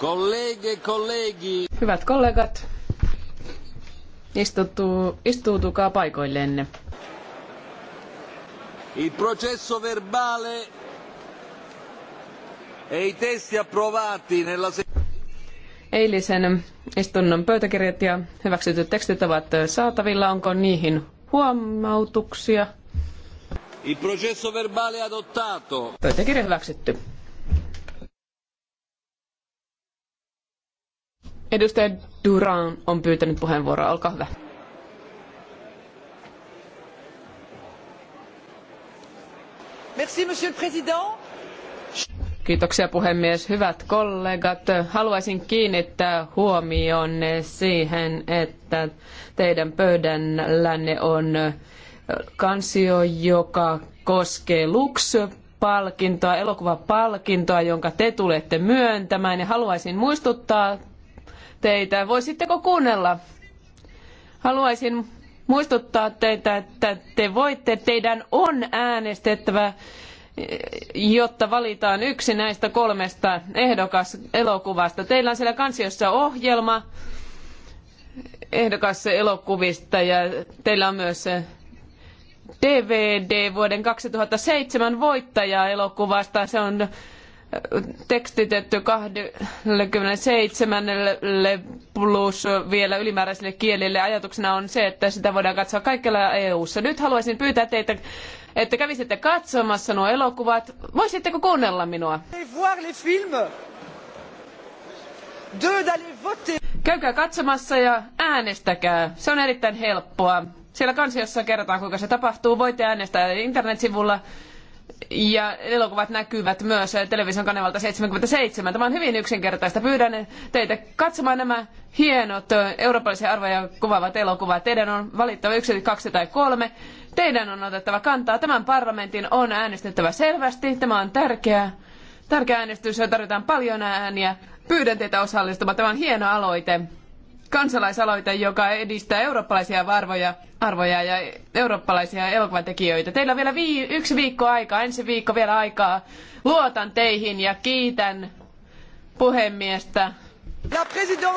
Kollegi, kollegi. Hyvät kollegat, istuttu, istuutukaa paikoillenne. Il processo verbale e i testi approvati nella Eilisen istunnon pöytäkirjat ja hyväksytyt tekstit ovat saatavilla. Onko niihin huomautuksia? Il processo verbale adottato. Pöytäkirja hyväksytty. Edustaja Duran on pyytänyt puheenvuoroa. Olkaa hyvä. Merci, monsieur le président. Kiitoksia puhemies. Hyvät kollegat, haluaisin kiinnittää huomionne siihen, että teidän pöydällänne on kansio, joka koskee Lux palkintoa, elokuvapalkintoa, jonka te tulette myöntämään. Ja haluaisin muistuttaa teitä. Voisitteko kuunnella? Haluaisin muistuttaa teitä, että te voitte, teidän on äänestettävä, jotta valitaan yksi näistä kolmesta ehdokas elokuvasta. Teillä on siellä kansiossa ohjelma ehdokas elokuvista ja teillä on myös DVD vuoden 2007 voittaja elokuvasta. Se on tekstitetty 27 plus vielä ylimääräisille kielille. Ajatuksena on se, että sitä voidaan katsoa kaikkialla EU-ssa. Nyt haluaisin pyytää teitä, että kävisitte katsomassa nuo elokuvat. Voisitteko kuunnella minua? Käykää katsomassa ja äänestäkää. Se on erittäin helppoa. Siellä kansiossa kerrotaan, kuinka se tapahtuu. Voitte äänestää internetsivulla. sivulla ja elokuvat näkyvät myös television kanavalta 77. Tämä on hyvin yksinkertaista. Pyydän teitä katsomaan nämä hienot eurooppalaisia arvoja kuvaavat elokuvat. Teidän on valittava yksi, kaksi tai kolme. Teidän on otettava kantaa. Tämän parlamentin on äänestettävä selvästi. Tämä on tärkeä, tärkeä äänestys ja tarvitaan paljon ääniä. Pyydän teitä osallistumaan. Tämä on hieno aloite kansalaisaloite, joka edistää eurooppalaisia arvoja, arvoja ja eurooppalaisia elokuvatekijöitä. Teillä on vielä vii- yksi viikko aikaa, ensi viikko vielä aikaa. Luotan teihin ja kiitän puhemiestä. La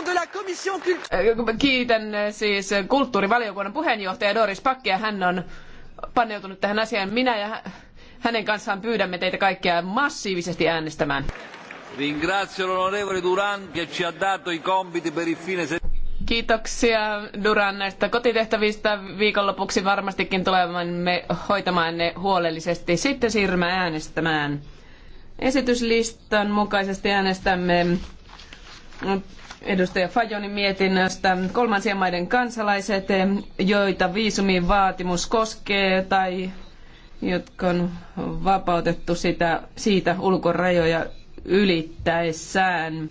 de la commission äh, Kiitän äh, siis äh, kulttuurivaliokunnan puheenjohtaja Doris Pakkia. Hän on paneutunut tähän asiaan. Minä ja hänen kanssaan pyydämme teitä kaikkia massiivisesti äänestämään. Ringrazio l'onorevole Duran che ci ha dato i compiti per il fine settimana. Kiitoksia Duran näistä kotitehtävistä. Viikonlopuksi varmastikin tulemme hoitamaan ne huolellisesti. Sitten siirrymme äänestämään. Esityslistan mukaisesti äänestämme edustaja Fajonin mietinnöstä kolmansien maiden kansalaiset, joita viisumin vaatimus koskee tai jotka on vapautettu sitä, siitä ulkorajoja ylittäessään.